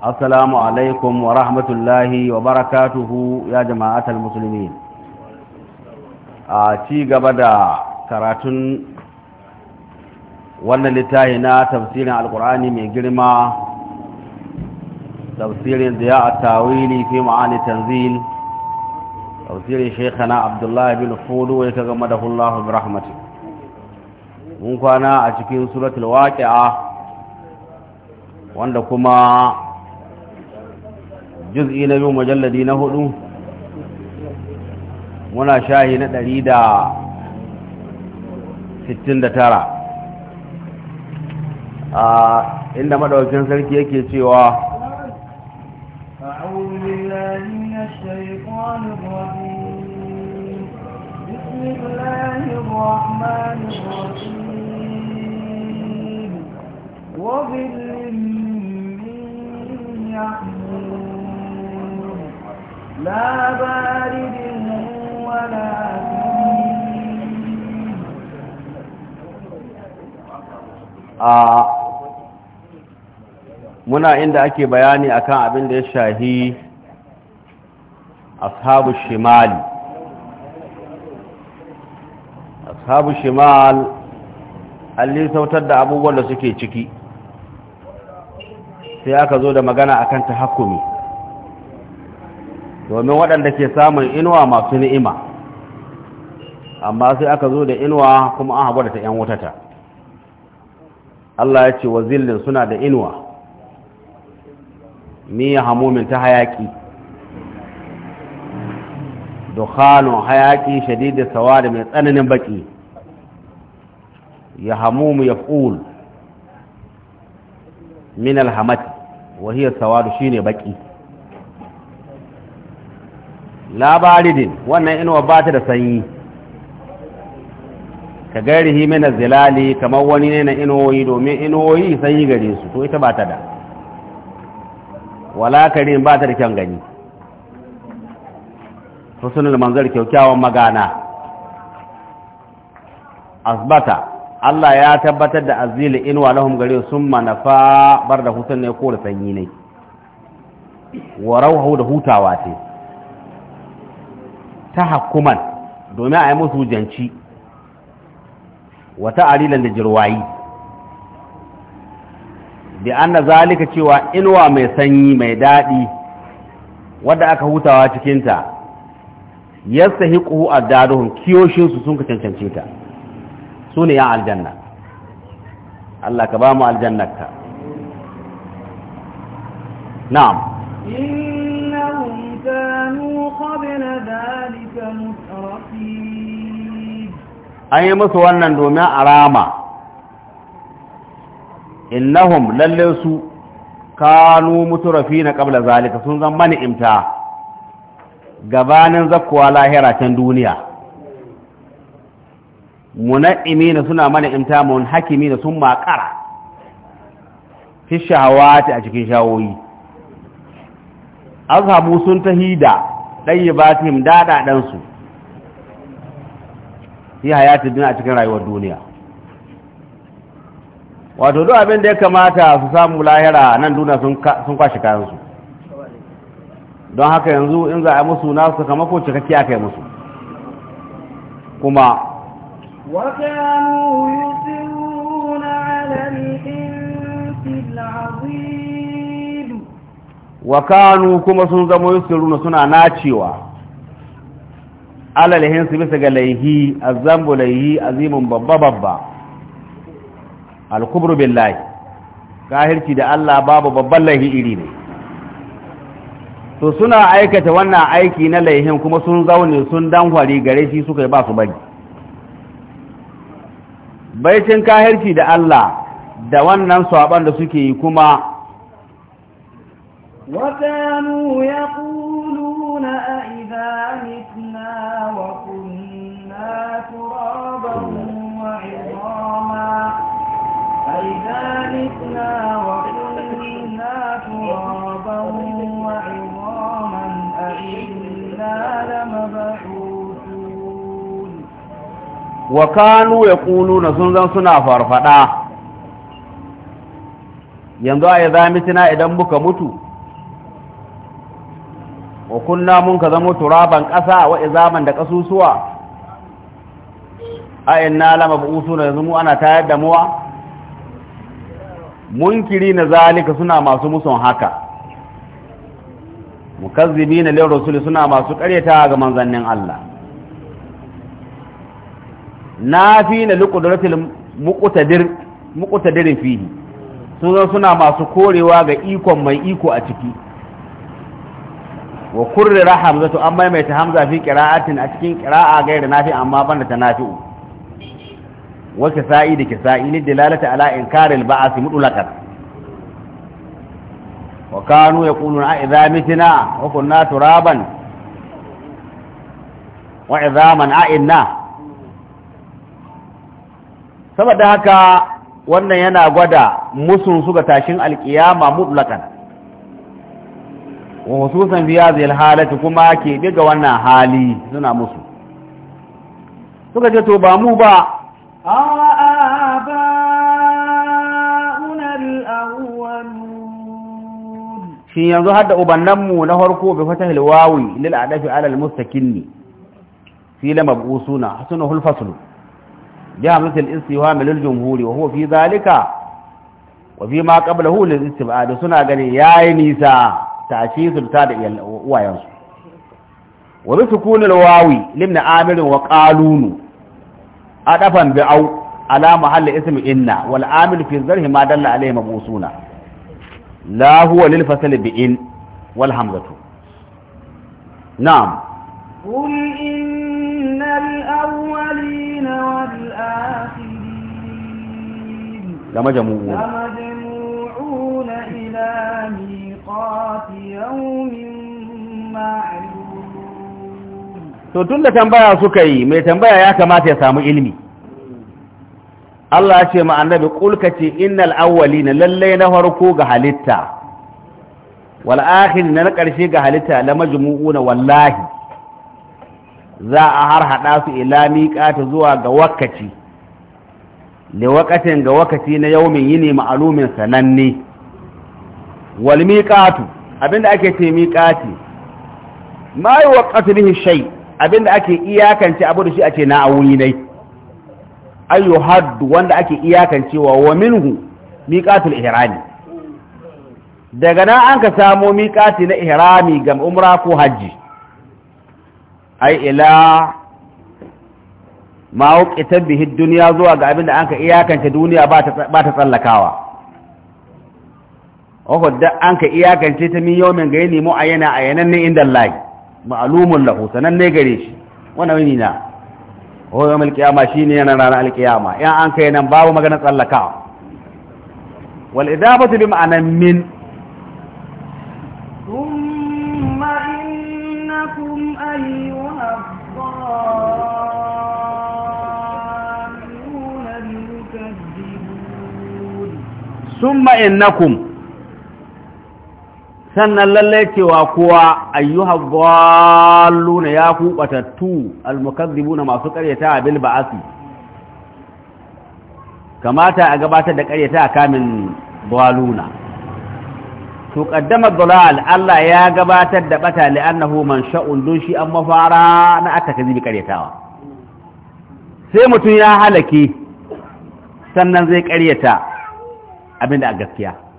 Asalamu alaikum wa rahmatullahi wa barakatuhu ya jama'atul musulmi a ci gaba da karatun wannan littahi na tafsirin alkur'ani mai girma tafsirin da ya a tawili fi ma'ani tanzil abdullahi bin fudu wai ka gama da hullahu bi rahmatin mun kwana a cikin suratul waƙi'a wanda kuma juz'i na biyu majalladi na hudu muna shahi na ɗari da sittin da tara a inda maɗaukin sarki yake cewa بسم الله الرحمن الرحيم وظل من لا بارد ولا muna inda ake bayani akan abin da ya shahi ashabu shimali ashabu shimal alli sautar da abubuwan da suke ciki sai aka zo da magana akan hakumi domin waɗanda ke samun inuwa masu ni'ima amma sai aka zo da inuwa kuma an haɓar da ta ‘yan wutata Allah ya ce wa zillin suna da inuwa miya hamomin ta hayaƙi dukhanun hayaƙi shadidin sawa mai tsananin baƙi ya hamumu ya min alhamati wahiyar sawa da shi ne baƙi labaridin wannan inuwa ba ta da sanyi ka gairihi mina zilali kamar wani ne na inuwoyi domin inuwoyi sanyi gare su to ita ba ta da walakarin ba ta da kyan gani husnul manzar kyaukyawan magana asbata Allah ya tabbatar da azili inwa lahum gare sun manafa bar da hutun ne ko da sanyi ne wa rauhu da hutawa ce ta hakuman domin a yi musu janci wata alilan da jirwayi da an na zalika cewa inuwa mai sanyi mai daɗi wadda aka hutawa cikinta yasta hiƙuhu a daruhun kiyoshinsu sun ka cancance ta su ne yan aljanna Allah ka ba mu aljannarka na'am كانوا قبل ذلك مترفين أي مسوانا دوما أراما إنهم للسوا كانوا مترفين قبل ذلك zama من إمتاه gabanin zakkuwa lahira can duniya muna'imi na suna mana imta mun hakimi da sun makara fi shahawati a cikin shawoyi azhabu sun tahi da ɗayyibatihim daɗaɗansu yi hayati duniya a cikin rayuwar duniya wato duk abin da ya kamata su samu lahira nan duna sun kwashi kayansu don haka yanzu in za a musu na su kama ko cikakki aka yi musu kuma وكانوا يصرون على العظيم wa kanu kuma sun zama yusiruna suna nacewa lahin su bisa ga laihi azambu laihi Azimun babba babba alkubru billahi kahirci da Allah babu babban laihi iri ne to suna aikata wannan aiki na laihin kuma sun zaune sun danhwari gare shi suka yi ba su bari baitin kahirci da Allah da wannan saban da suke yi kuma وكانوا يقولون أئذا متنا وكنا ترابا وعظاما أئذا متنا وكنا ترابا وعظاما أئنا لمبعوثون وكانوا يقولون سنزا سنا فرفدا yanzu a ya zamitina idan muka mutu wa kunna mun ka zamo turaban ƙasa wa izaman da ƙasusuwa a inna lama bu'usu na yanzu mu ana tayar da muwa munkiri na zalika suna masu muson haka mukazzibi na lil rasul suna masu ƙaryata ga manzannin Allah nafi na liqudratil muqtadir fihi sun suna masu korewa ga ikon mai iko a ciki wa kurrira hamzatu an maimaita hamza fi qira'atin a cikin qira'a gaira nafi amma banda ta nafi'u wa kisa'i da kisa'i lid dalalata ala inkar al ba'th mutlaqan wa kanu yaquluna a idza mitna wa kunna turaban wa idhaman a inna saboda haka wannan yana gwada musun su ga tashin alkiyama mutlaqan وخصوصاً في هذه الحالة كما كي بيقوانا حالي سنة مصر سوك جاتوا باموبا آباؤنا الأولون في ينظر هذا أبنمو نهركو بفتح الواوي للأعداف على المستكين في لما لمبؤوسونا حسنه الفصل جامعة الإنسيوام للجمهور وهو في ذلك وفيما قبله للإستبعاد سنة قال يا نيسا tashi ta da uwayensu wa bi sukuni wawi limn amirin wa qalunu adafan bi au ala mahalli ismi inna wal amil fi zarhi ma dalla alayhi mabusuna la huwa lil fasl bi in wal hamzatu na'am قل إن الأولين والآخرين لمجموعون to tun da tambaya suka yi mai tambaya ya kamata ya samu ilmi Allah ya ce ma annabi ce inna innal na lallai na farko ga halitta wal'ahin na na ƙarshe ga halitta la na wallahi za a har haɗa su ilami ƙata zuwa ga wakaci da waqatin ga wakaci na yi yini ma'alumin sananne wal miqatu abinda ake ce miqati ma yuwaqqatu bihi shay abinda ake iyakance abu da shi ake na auni nai ayu hadd wanda ake iyakancewa wa minhu miqatul ihrami daga nan an ka samo miqati na ihrami ga umra ko haji ai ila ma wuqitat bihi dunya zuwa ga abinda an ka iyakance duniya ba ta ba ta tsallakawa wahud da an ka iyakance ta min yawmin ga yini mu ayana ayanan ne inda Allah ma'lumun lahu sanan ne gare shi wannan wani na ho yawmal qiyama shine yana ranar alqiyama ya an kai nan babu magana tsallaka wal idabatu bi ma'anan min thumma innakum ayyuha ثم إنكم sannan lallai cewa koWa ayyuha gwalluna ya ku batattu almukazzibuna masu karyata bil ba'asi kamata a gabatar da karyata a kamin baluna to kaddama dhalal Allah ya gabatar da bata li'annahu man sha'un dun shi an mafara na aka kazibi karyatawa sai mutum ya halake sannan zai karyata abinda a gaskiya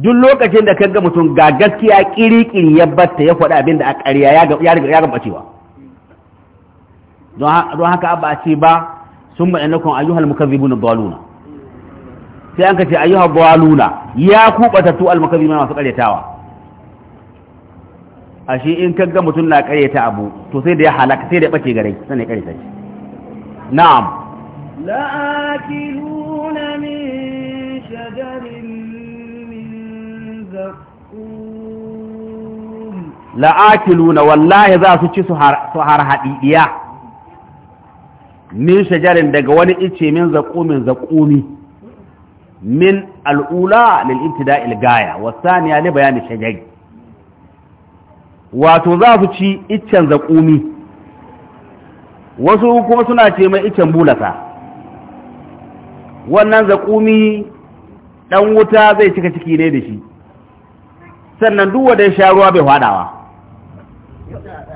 duk lokacin da kaga mutum ga gaskiya kirikiri ya batta ya faɗa abin da a ƙarya ya gaba cewa don haka ba a ce ba sun ma inakon ayyuhal mukazzibuna daluna sai an ka ce ayyuhal daluna ya kubata tu al mukazzibuna masu ƙaryatawa shi in kaga mutum na ƙaryata abu to sai da ya halaka sai da ya bace gare sai ne ƙaryata shi na'am la'akiluna min shajarin la'akilu na wallahi za su ci su har haɗiɗiya min shajarin daga wani ice min zakumin zakumi min al'ula lil ibtida il gaya wasaniya ne bayani shajari wato za su ci iccen zakumi wasu kuma suna ce mai iccen bulasa. wannan zakumi ɗan wuta zai cika ciki ne da shi sannan duk wanda ya sha ruwa bai fadawa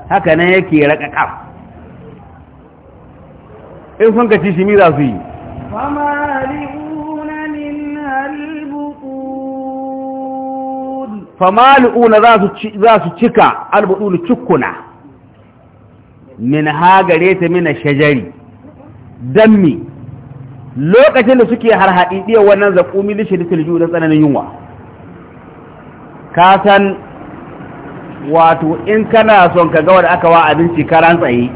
haka nan yake raka in sun ka ci shi mi za su yi famaluna za su cika albudulu cukuna. min hagare ta mina shajari dammi lokacin da suke harhaɗi ɗiya wannan zaƙumi lishe da da tsananin yunwa ka san wato in kana son ka ga wanda aka wa abinci karan tsaye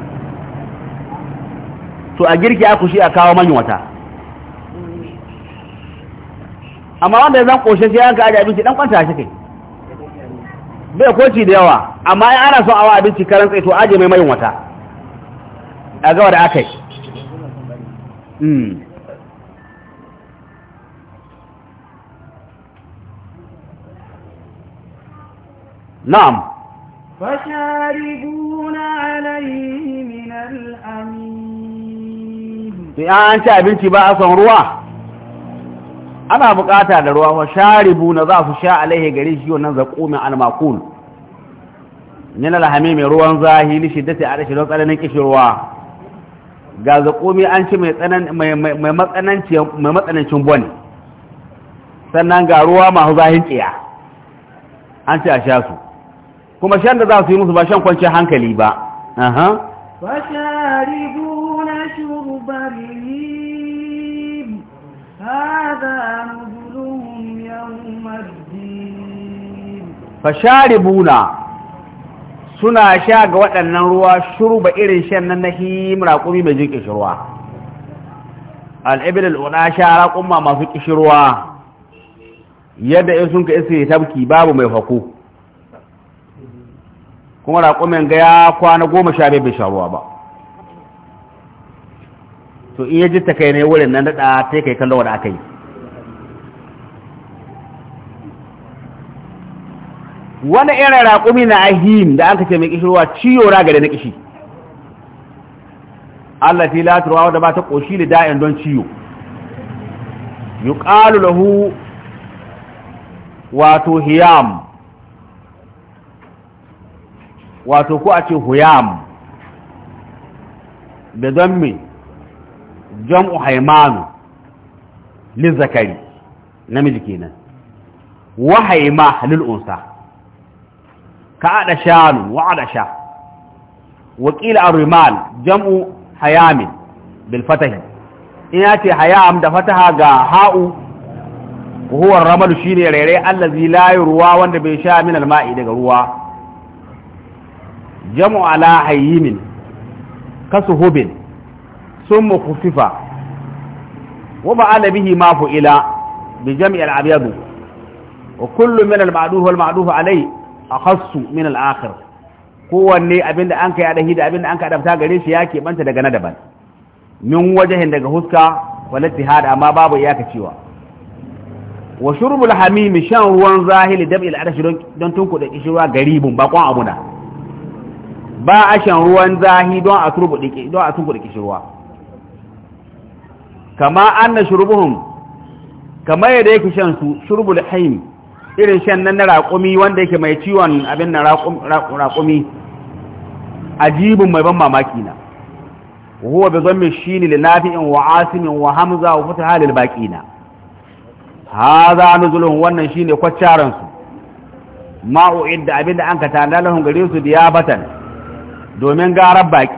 to a girki aku shi a kawo manyan wata amma wanda ya zan koshe shi yanka aji abinci dan kwanta shi kai bai koci da yawa amma ya ana son awa abinci karan tsaye to aje mai mayin wata a ga wanda aka yi hmm. na'am فشاربون عليه من an ci abinci ba a son ruwa ana bukata da ruwa عليه sharibuna za su sha alaihi gare shi wannan zaqumin al-maqul min al-hamim ruwan a rashin tsananin kishirwa ga zakomi an ci mai matsanancin bone sannan ga ruwa masu zahin tsaya an ce a sha su kuma shan da za su yi musu ba shan kwanci hankali ba aha fasharibuna shurbarim hada nuzuluhum yawmaddin fasharibuna suna sha ga waɗannan ruwa shurba irin shan nan na himra kuma mai jin kishirwa al-ibil al-una sha raƙumma masu kishirwa yadda in sun ka isa tabki babu mai hako kuma raƙumin ga ya kwana goma sha bai sha ruwa ba to in ya ji ta kai ne wurin nan daɗa ta kai kallon wanda aka yi wani irin raƙumi na ahim da an kace mai kishirwa ciyo ra na kishi Allah fi laturwa wadda ba ta ƙoshi da da'in don ciyo yuqalu lahu wato hiyam wato ku a ce huyam da don me jam'u haimanu lil zakari namiji kenan wa haima lil unsa ka ada shanu wa ada sha wa qila arrimal jam'u hayamin bil fatahi in yace hayam da fataha ga ha'u huwa ramalu shine rere allazi la ruwa wanda bai sha min alma'i daga ruwa jamu ala hayyimin kasuhubin sun fifa, wa ba'ala bihi ma ila bi jami'al abyadu wa kullu min al-ma'duf wal ma'duf alai akhassu min al-akhir kowanne abinda an kai adahi da abinda an ka adabta gare shi ya banta daga na daban min wajahin daga huska wal ittihad amma babu iyaka cewa wa shurbul hamimi shan ruwan zahili dab'il adashi don tunkuda kishirwa garibun bakon abuna ba a shan ruwan zahi don a turbuɗe don a turbuɗe ruwa kama anna shurubuhum kama yadda yake shan su shurbul haim irin shan nan na raƙumi wanda yake mai ciwon abin na raƙumi ajibin mai ban mamaki na huwa bi zammi shini li nafi'in wa asimin wa hamza wa fataha lil baqina hadha nuzulun wannan shine kwaccaran su ma'u idda abinda an ka tanda lahum gare su batan. domin garar baƙi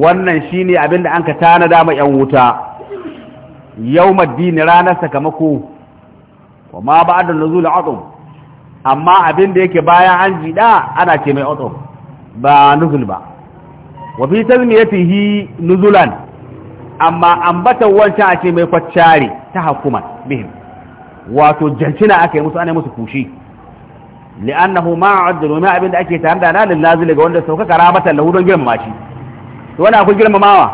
wannan shi ne abinda an ka tana dama ‘yan wuta yau maddini ranar sakamako kuma ba da nuzul otom amma abinda yake bayan an jiɗa ana ce mai otom ba nuzul ba wafi yi nuzulan amma ambatan wancan a mai kwacciyare ta hakuman bihim wato jancina aka yi musu ana musu kushi li'annahu ma adlu ma abinda ake tare da nan nazil ga wanda sauka karamatan lahu don girmama shi to wani akwai girmamawa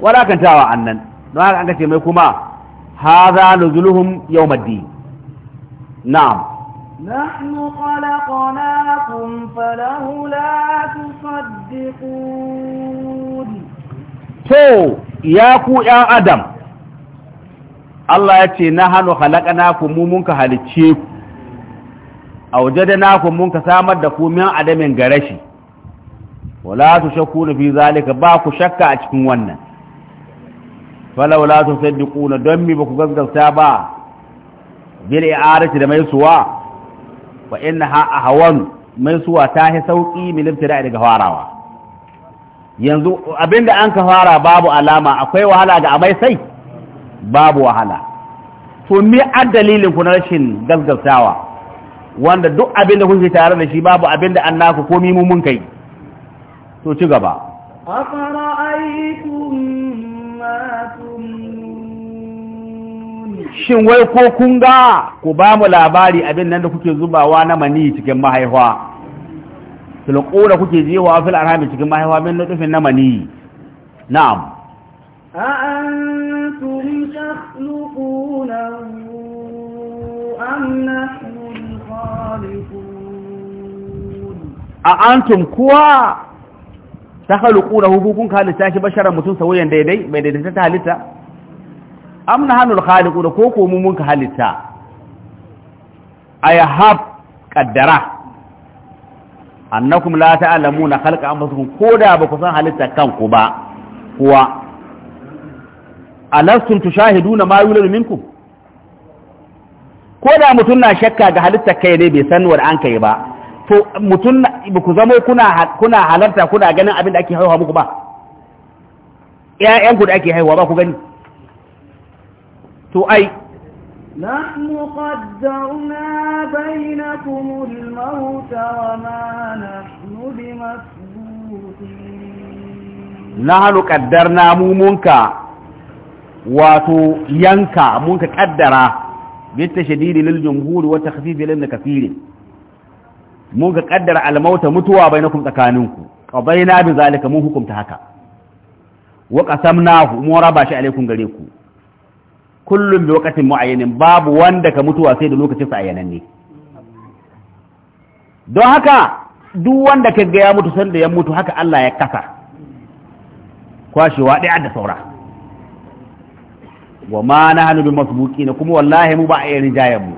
wala kantawa annan don haka an mai kuma hadha nuzuluhum yawmaddi na'am نحن خلقناكم فلولا تصدقون تو يا كو يا ادم الله يتي نحن mun ka halicce ku. A waje da naku mun ka samar da ku min adamin garashi wala tushakku fi zalika ba ku shakka a cikin wannan su la tusaddiquna don mi ba ku gaggauta ba bil i'arati da mai suwa wa innaha ahwan mai ta hi sauki min ibtida daga farawa yanzu abinda an ka fara babu alama akwai wahala ga amai sai babu wahala to me addalilin ku na rashin gaggautawa wanda duk abin da kuke tare da shi babu abin da an naku komi mu mun kai to ci gaba shin wai ko kun ga ku ba mu labari abin nan da kuke zubawa na mani cikin mahaifa ko da kuke jewa fil arhami cikin mahaifa min nutfin na mani na'am a antum takhluquna am nahnu a antum kuwa ta haluku na hukukun halitta shi basharar mutum sauyan daidai mai daidaita ta halitta amna hannun haliku da ko komu ka halitta a ya hab kaddara annakum la ta'lamu na khalqa anfusakum da ba ku san halitta kanku ba kuwa alastum tushahiduna ma yulad minkum da mutum na shakka ga halitta kai ne bai san wa an kai ba to mutum ba ku zamo kuna halarta kuna ganin abin da ake haihuwa muku ba da ake haihuwa ba ku gani to ai نحن قدرنا بينكم الموت وما نحن نحن قدرنا مومنك واتو ينكا منك قدرا بالتشديد للجمهور وتخفيف لنا mun ga kaddara almauta mutuwa bai bainakum tsakaninku na bi zalika mun hukunta haka wa qasamnahu mun raba shi alaikum gare ku kullum bi waqtin muayyanin babu wanda ka mutuwa sai da lokacin sa ne, don haka duk wanda ka ga ya mutu da ya mutu haka Allah ya kasa kwashewa ɗaya da saura wa ma nahnu bi na kuma wallahi mu ba a yi rijayen mu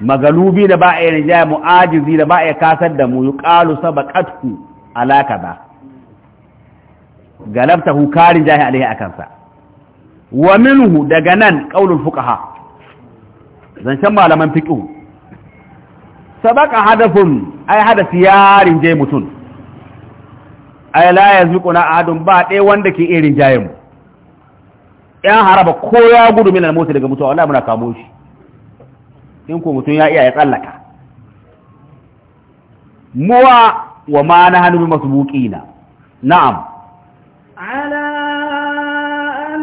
magalubi da ba a yi rinjaya mu'ajizi da ba a kasar da mu saba ƙatku alaƙa ba. galabtahu karin jahi alaihi a kansa. wa minhu daga nan qaulul fuqaha zancen malaman fiqh Sabaka hadafin ai hadafi ya rinje mutum. ai la na adon ba ɗaya wanda ke irin jayin mu yan haraba ko ya gudu min al daga mutuwa wallahi muna kamo shi in ko mutum ya iya ya tsallaka muwa wa ma na hannu masbuqina na'am ala an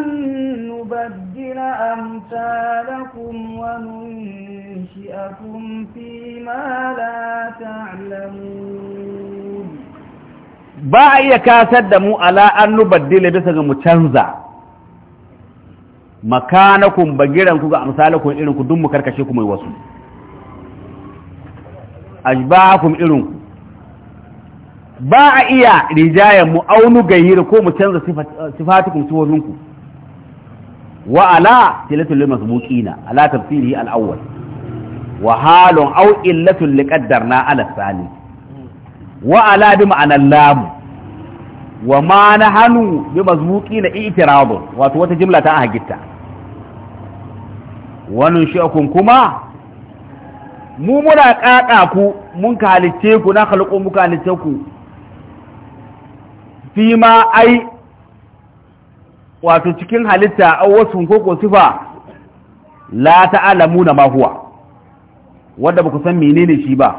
nubaddila amsalakum wa nunshi'akum fi ma la ta'lamun ba iya kasar da mu ala an nubaddila bisa ga mu canza makanakun bagiranku ga amsalakun irin ku duk mu karkashe ku mai wasu ajba'akum irinku. ba a iya rijayen mu aunu gayyir ko mu canza sifatukum sifofin ku wa ala tilatul lil masbuqina ala tafsirihi al awwal wa halun aw illatul liqaddarna ala sali wa ala bi ma'ana wa ma na hannu bi mazmuki na itiradun wato wata jimla ta hagitta wannan shi'akun kuma mu muna kaka ku mun ka ku na halko muka kalice ku fi ma ai wato cikin halitta a wasu koko sifa la ta'lamu na huwa wadda ba ku san menene shi ba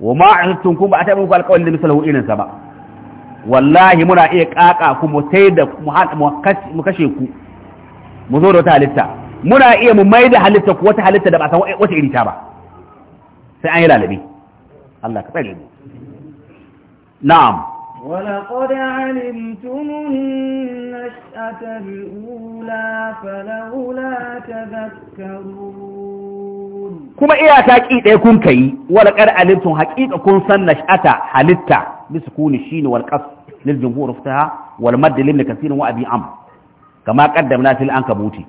wa ma'aikatun kuma a taɓa muku alƙawarin da misalahu sa ba wallahi muna iya ƙaƙa ku mu sai da mu kashe ku mu zo da wata halitta muna iya mu mai da halitta ku wata halitta da ba san wata iri ta ba sai an yi lalabi, Allah ka tsare mu na'am ولقد علمتم النشأة الأولى فلولا تذكرون kuma iya ta ƙi ɗaya kun kai wala ƙar alintun haƙiƙa kun san na ata halitta bi sukuni shine wal qas lil jumhur fataha wal madd lil kaseerin wa abi am kama qaddamna fil ankabuti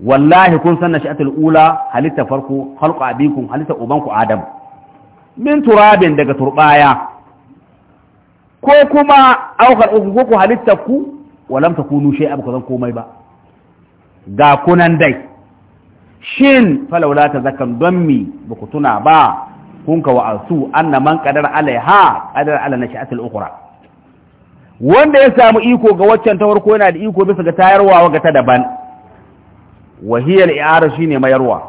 wallahi kun san nash'ata al ula halitta farko khalqu abikum halitta ubanku adam min turabin daga turbaya ko kuma aukar uku ko ku halitta ku walam takunu shay'a ku zan komai ba ga kunan dai shin falaula ta zakan don mi ba ku tuna ba kun ka wa'asu anna man qadar alaiha na ala nashatil ukhra wanda ya samu iko ga waccan ta farko yana da iko bisa ga tayarwa ga ta daban wa iara shine mayarwa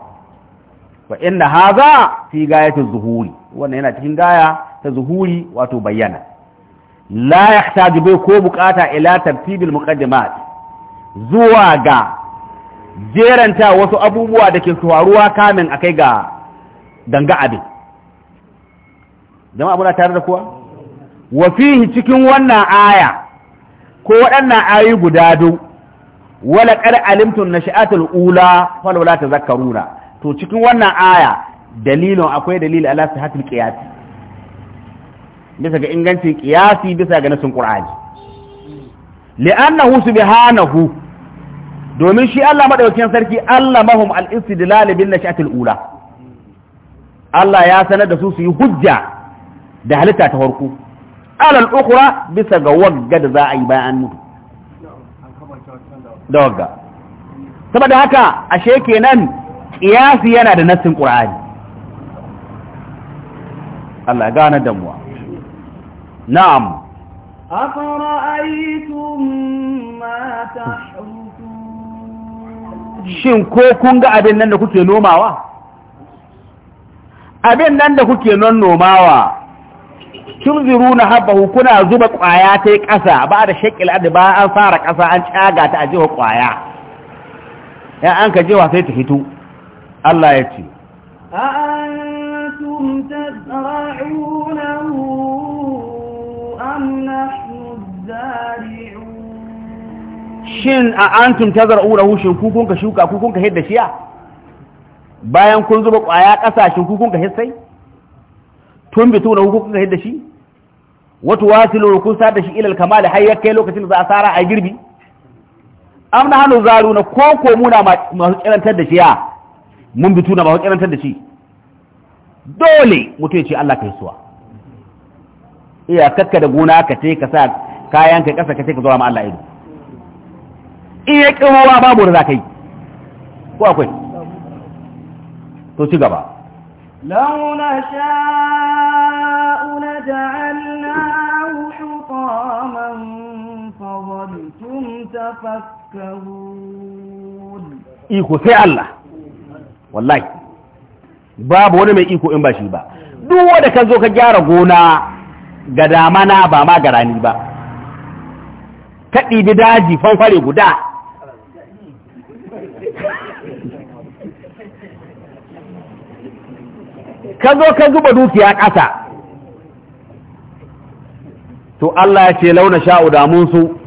fa inna hadha fi gayati zuhuri wannan yana cikin gaya ta zuhuri wato bayyana la yahtaju bai ko bukata ila tartibil muqaddimat zuwa ga jeranta wasu abubuwa da ke faruwa kamin a kai ga ganga abin jama'a muna tare da kuwa wa cikin wannan aya ko waɗannan ayi guda biyu wala qad alimtum nashatul ula fala la tazakkaruna to cikin wannan aya dalilin akwai dalili ala sihatul qiyas bisa ga ingancin qiyasi bisa ga nasin qur'ani li'annahu subhanahu domin shi Allah madaukakin sarki Allah mahum al-istidlal bin nashatil ula Allah ya sanar da su su yi hujja da halitta ta farko alal ukhra bisa ga wagga da za a yi bayan mutu da wagga saboda haka ashe kenan qiyasi yana da nassin qur'ani Allah ya gane damuwa na'am أفرأيتم ما shin ko kun ga abin nan da kuke nomawa abin nan da kuke non nomawa ziru na habahu kuna zuba ƙwaya ta yi ƙasa ba da shekila da ba an fara ƙasa an caga ta a jiwa kwaya ya an ka jewa sai ta fito Allah ya ce shin a ta tazar'unahu shin ku kun ka shuka ku kun ka hidda shiya bayan kun zuba ƙwaya ƙasa shin ku kun ka hissai tun bitu na hukun ka hidda shi wato wasu lorukun sa da shi ilal kama har ya kai lokacin da za a tsara a girbi amna hannu zaru na ko muna masu kirantar da shiya mun bitu na masu kirantar da shi dole mutum ya ce Allah ka suwa iya kakka da gona ka ce ka sa kayan ka kasa ka ce ka zo ma Allah ido in ya babu da za ka yi ko akwai to ci gaba لو نشاء لجعلناه حطاما فظلتم tafakkarun iko sai Allah wallahi babu wani mai iko in ba shi ba duk wanda kazo zo ka gyara gona ga damana ba ma garani ba Kaɗi ɗibi daji fanfare guda ka zo ka zuba dukiya ƙasa to Allah ya ce launa sha'u damunsu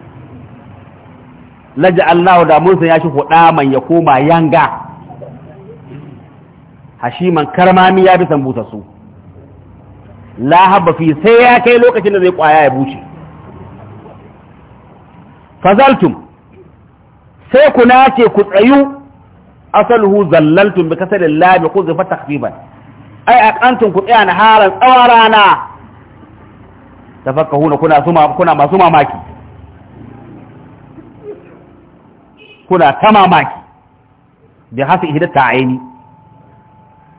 laji Allah damunsu ya shi huɗa man ya koma yanga hashiman karmami ya bi sambuta su la fi sai ya kai lokacin da zai kwaya ya bushe, fazaltum sai ku nace ku tsayu asaluhu zallaltum bi kasalin la bi zufa takfiban ai a kantun ku tsaya na haran tsawon rana tafakkahuna kuna kuna masu mamaki kuna ta mamaki bi hasi ihdata aini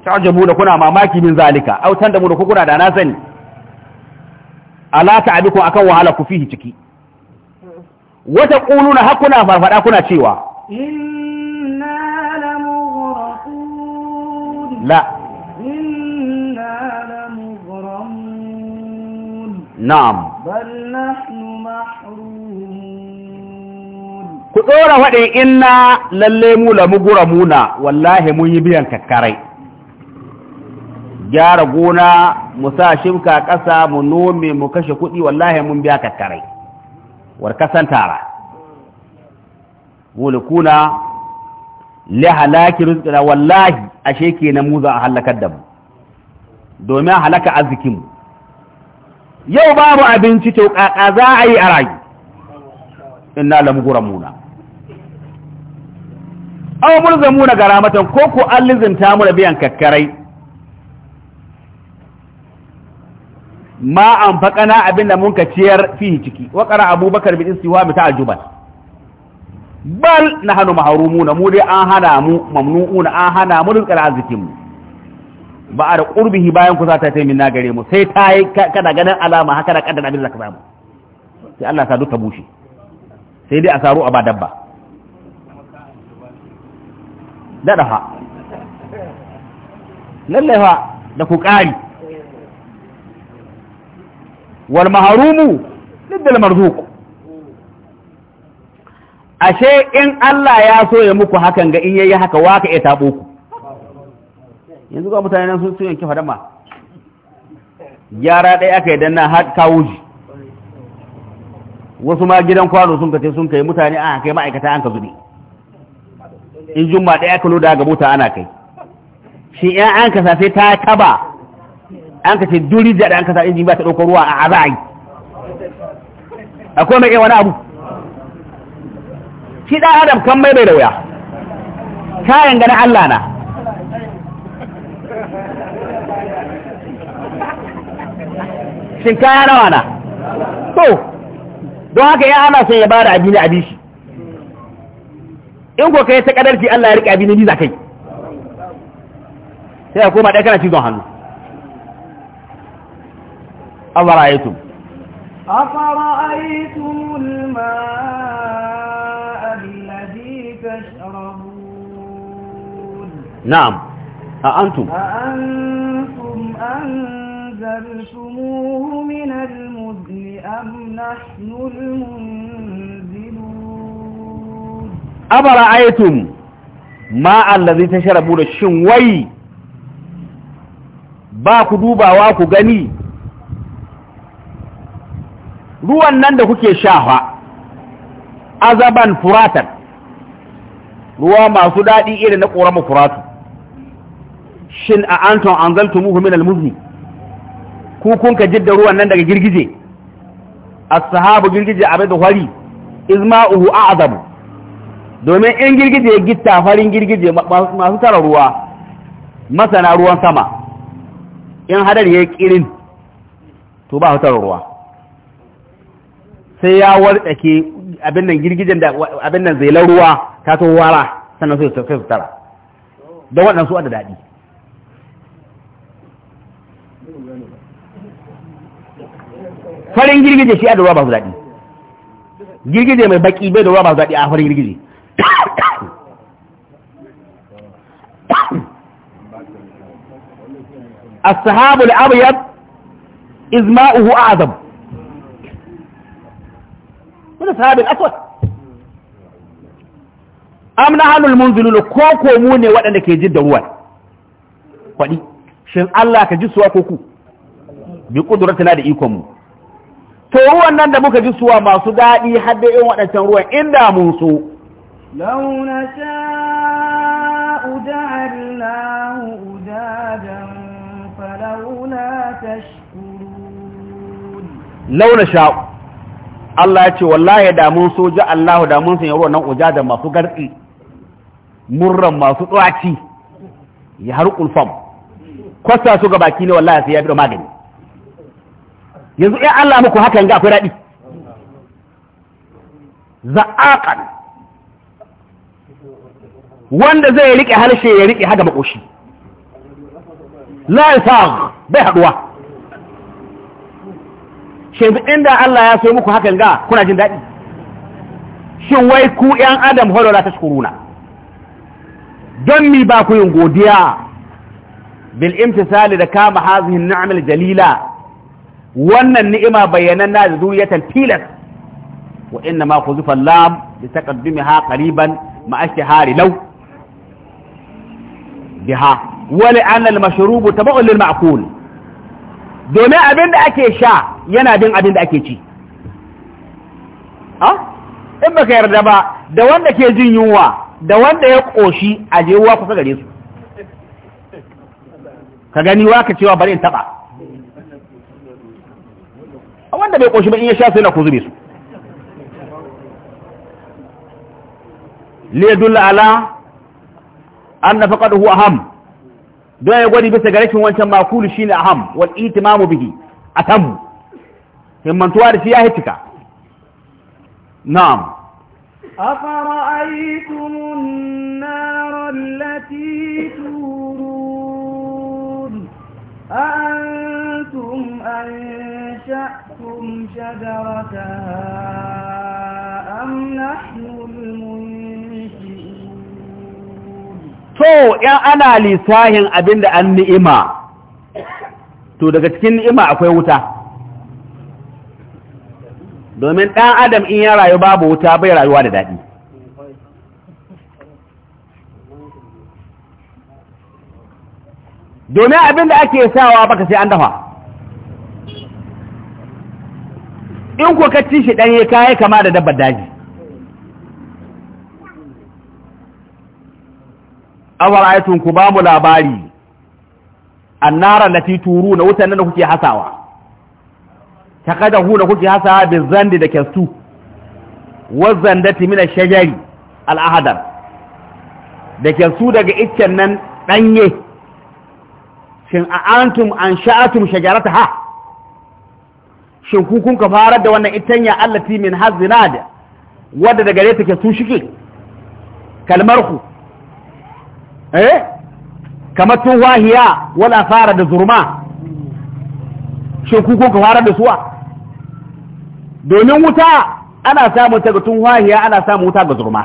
ta'jabu da kuna mamaki min zalika au tanda mu da kuna da na sani ala ta'abiku akan wahala ku fihi ciki wata quluna hakuna farfada kuna cewa inna la na'am ku tsora wadin ina lalle mu la gura muna wallahi mun yi biyan kakkarai gyara gona mu sa shimka ƙasa mu nome mu kashe kuɗi wallahi mun biya kakkarai war kasan tara mulkuna le halaki rizkina, wallahi ashe ke mu za a halakar da mu domin halaka arzikinmu yau babu abinci to kaka za a yi a rayu inna lamguramuna muna gara matan ko ku an lizinta mu da biyan kakkarai ma an faƙana abin da mun ka ciyar fihi ciki wa abubakar bin mu ta ta'ajjuban bal nahnu mahrumuna mu dai an hana mu mamnu'una an hana mu rizqal arzikin mu ba a da ƙurbihi bayan kusa ta taimin na gare mu sai ta yi kana ganin alama haka da kaddara abin da ka samu sai Allah sa duka bushe sai dai a saro a ba dabba dada fa lalle fa da ku kari wal maharumu liddal marzuq ashe in Allah ya so ya muku hakan ga in yayi haka waka ya tabo ku yanzu ga mutane nan sun yanki fadama yara ɗaya aka yi na har kawo shi wasu ma gidan kwano sun kace sun kai mutane a kai ma'aikata an ka zube. in ma ɗaya kalo da ga mota ana kai shi yan an kasa sai ta taba an kace duri da an kasa injin ba ta ɗaukar ruwa a azai akwai mai wani abu shi ɗan adam kan mai bai da wuya kayan ganin Allah na shinkaya nawa na to don haka ya ana son ya ba da abin abin shi in ko kai ta kadarci Allah ya rike abin ni za kai sai ya koma ɗaya kana cizon hannu Allah ra'aytum أفرأيتم الماء الذي تشربون نعم أأنتم أأنتم أنزلتموه من المذن أم نحن المنزلون أفرأيتم ما الذي تشربون الشنوي باكو دوبا واكو غني ruwan nan da kuke shafa azaban furatan ruwa masu daɗi irin na ƙorama furatu shin a anton an zaltumuhu min almuzni ku kun ka jidda ruwan nan daga girgije as-sahabu girgije abai da hwari izma'uhu a'zamu domin in girgije gitta farin girgije masu tara ruwa masana ruwan sama in hadar ya kirin to ba tara ruwa sai ya wartsake abin nan girgijen da abin nan zailar ruwa ta to wara sannan sai su tara don waɗansu a da daɗi farin girgije shi a da ruwa ba daɗi girgije mai baki bai da ruwa ba daɗi a farin girgije asahabu da abu abiyar izma'uhu a azam wani sahabin aswad amna hannun mun munzulu ko komu ne waɗanda ke jin da ruwan kwaɗi shin Allah ka ji suwa ko ku bi ƙudurar tana da ikon mu to ruwan nan da muka ji suwa masu daɗi har da irin waɗancan ruwan inda mun so لو uda جعلناه falauna ta shi launa sha Allah ya ce wallahi da mun so ji Allah da mun sanya ruwan nan da masu garɗi, murran masu tsaci ya har kulfam kwasta su ga baki ne wallahi sai ya bi magani yanzu in Allah muku hakan ga akwai daɗi za'aqan wanda zai riƙe harshe ya riƙe haga makoshi la yasagh bai haduwa shin inda Allah ya so muku hakan ga kuna jin daɗi shin wai ku ƴan adam horora ta shukuruna don mi ba ku yin godiya bil imtisali da kama hazihin Na'amil jalila wannan ni'ima na da zuriyatan tilas wa inna ma khuzifa lam bi taqaddumiha qariban ma ashtihari law biha wa li anna al mashrubu tabu'un lil ma'qul domin abin da ake sha yana bin abin da ake ci ha ah? in baka yarda ba da wanda ke jin yunwa da wanda ya koshi a je kusa gare su ka gani wa ka cewa bari in taba wanda bai koshi ba in ya sha sai na ku zube su li yadulla ala anna faqadahu aham don ya gwadi bisa ga wancan makulu shine aham wal itimamu bihi atamu himmantuwa da shi ya hitika na'am أفرأيتم النار التي تورون أأنتم أنشأتم أنتم شجرتها أم نحن المنشئون تو يا أنا لساهن أبند أن نئما to daga cikin ni'ima akwai wuta domin ɗan adam in ya rayu babu wuta bai rayuwa da daɗi domin abin da ake sawa baka sai an dafa in ko ka ci shi ɗanye ka yi kama da dabbar daji awar ayatun ku ba mu labari annara na turu na wutan nan da kuke hasawa ta kada hu da kuke hasawa bi zandi da kyastu wa zandati min shajari al'ahadar da kyastu daga iccen nan ɗanye shin a antum an sha'atum ha? shin ku kun ka farar da wannan itanya allati min hazinad wadda daga gare take su shike kalmar ku eh kamar wahiya wala fara da zurma shin ku kun ka farar da suwa domin wuta ana samun ta ga wahiya ana samun wuta ga zurma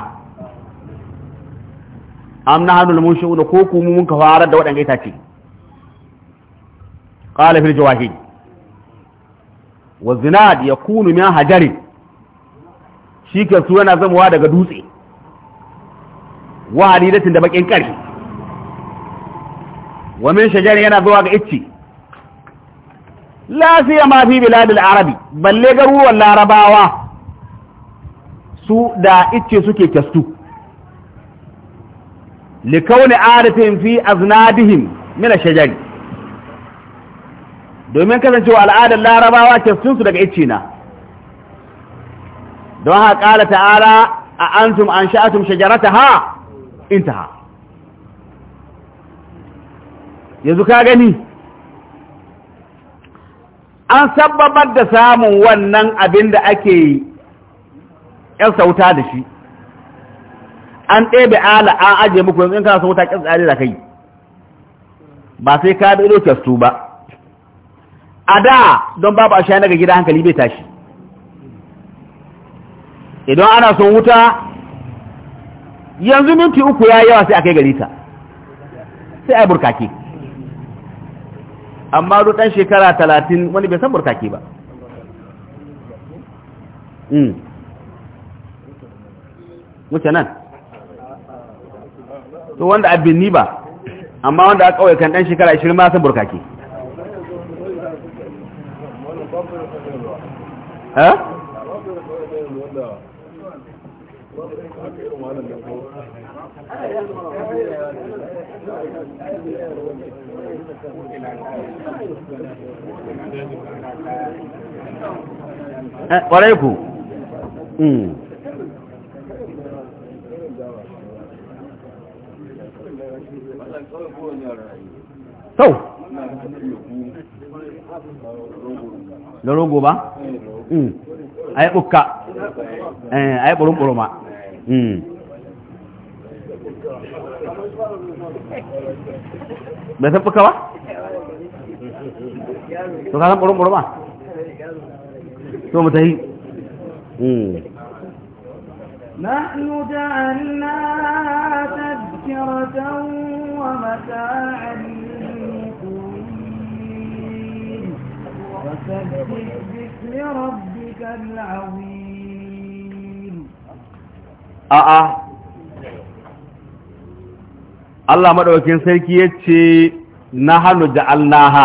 amna hanul munshi'una ko ku mun ka farar da ita itace qala fil jawahid wa zinad ya kunu min hajarin shi ke su yana zamowa daga dutse wa halilatin da bakin ƙarfi wa min shajarin yana zuwa ga icci lafiya ma fi biladil arabi balle garuruwan larabawa su da icce suke kyastu likauni arifin fi aznadihim min shajari domin kasancewa al'adar larabawa tafsinsu daga ice na don haka ƙala ta'ala a antum an sha'atum shajarata ha intaha yanzu ka gani an sababar da samun wannan abin da ake yan sauta da shi an ɗebe ala an ajiye muku yanzu in kana sauta ƙin tsari da kai ba sai ka bi ido ba a da don babu a shayar daga gida hankali bai tashi idan ana son wuta yanzu minti uku ya yawa sai a kai gari ta sai a yi burkake amma ɗan shekara talatin wani bai san burkake ba hmm. wuce nan to wanda abin ni ba amma wanda a kawai kan ɗan shekara 20 ma san burkake ha ƙwarai ku sau hmm. na rogo ba Mm. a ɓukka eh, a ɓurum-ɓuruma mm. san ɓukka ba? to ka san ɓurum-ɓuruma? to mu mm. نحن جعلناها تذكرة ومتاعا للمقيم لربك العظيم آه Allah maɗaukin sarki ya ce na hannu ha.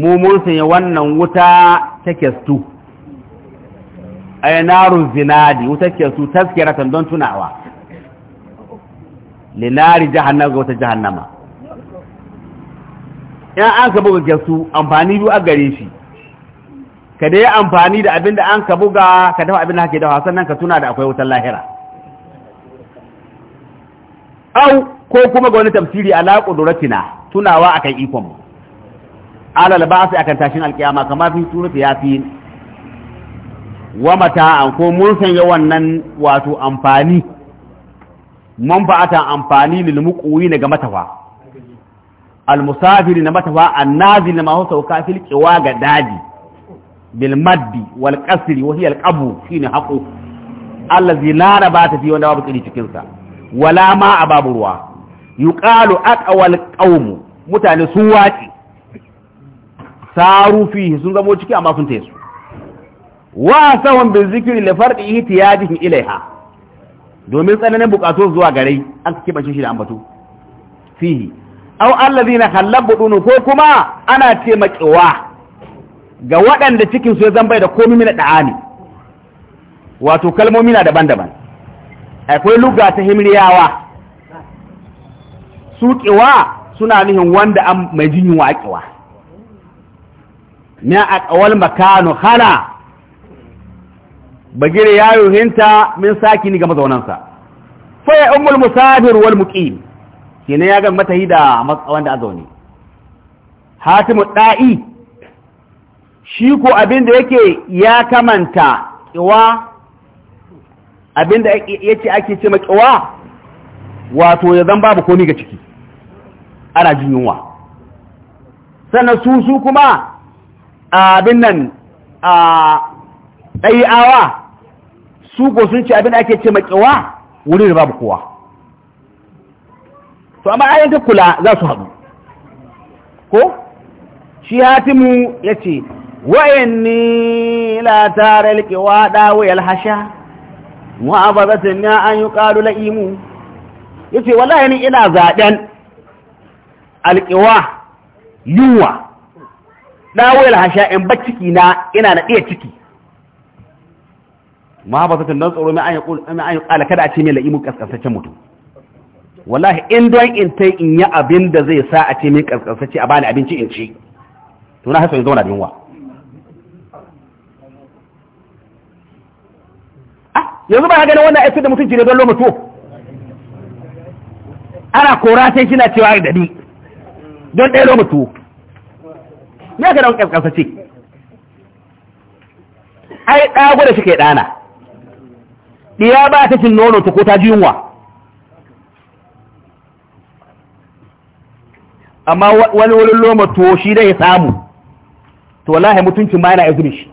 mu mun sanya wannan wuta ta kestu ay narun zinadi wuta kestu taskiratan don tunawa linari jahannan ga wata jahannama in an ka buga kestu amfani biyu a gare shi ka dai amfani da abin da an ka buga ka dafa abin da hake dafa sannan ka tuna da akwai wutar lahira au ko kuma ga wani tafsiri ala qudratina tunawa akan ikon mu ala alba'si akan tashin alƙiyama, kama fi surati yasin wa mata an ko mun sanya wannan wato amfani manfa'atan amfani lil muqwina ga matafa al musafiri na matafa annazil ma huwa sauka fil qiwa ga daji bilmaddi maddi wal qasri wa hiya al qabu shine haqu allazi la rabata fi wanda babu tsiri cikin wala ma ababu ruwa yuqalu aqwal qaum mutane sun waci saru fi sun zamo ciki amma sun tayi su wa sawan bil zikri li farqi ihtiyajihim ilaiha domin tsananin bukatu zuwa gare an kibance shi da ambato fihi aw allazina khallabu dunu ko kuma ana ce maƙiwa ga waɗanda cikin su ya zan da komi mina da'ani wato kalmomi na daban-daban akwai luga ta himriyawa su kiwa suna nihin wanda an mai jin yunwa a kiwa a ƙawal makano hana bagire ya yohinta min saki ni ga mazaunansa faya ummul musafir wal muqim kenan ya ga mata hida wanda zaune. hatimu da'i shi ko abin da yake ya kamanta ƙiwa abin da yake ake ce maƙiwa wato ya zan babu komi ga ciki ana jin yunwa sannan su su kuma abin nan a ɗayi'awa su ko sun ce abin da ake ce maƙiwa wuri da babu kowa to amma ayyanta kula za su haɗu ko shi hatimu ya ce وإني لا تار الكوادا ويلحشا وأبضتني أن la'imu. Ya ce, wala إني ina زادن alƙiwa yunwa ɗawayar hasha in ba ciki na ina na ɗaya ciki ma ba zata don tsoro mai an yi kada a ce mai la'imu ƙasƙasaccen mutum wallahi in don in ta in yi abin da zai sa a ce mai ƙasƙasacce a bani abinci in ci to na hasa yin zauna da yunwa yanzu ba ganin wannan aikin da mutunci ne don loma tuwo ana kora sai shi na cewa da ni don ɗaya loma tuwo ya ga ce? A ai ɗago da shi kai ɗana ɗiya ba ta cin nono ta ko ta ji yunwa amma wani wani loma tuwo shi dai ya samu to wallahi mutuncin ma yana ya zuri shi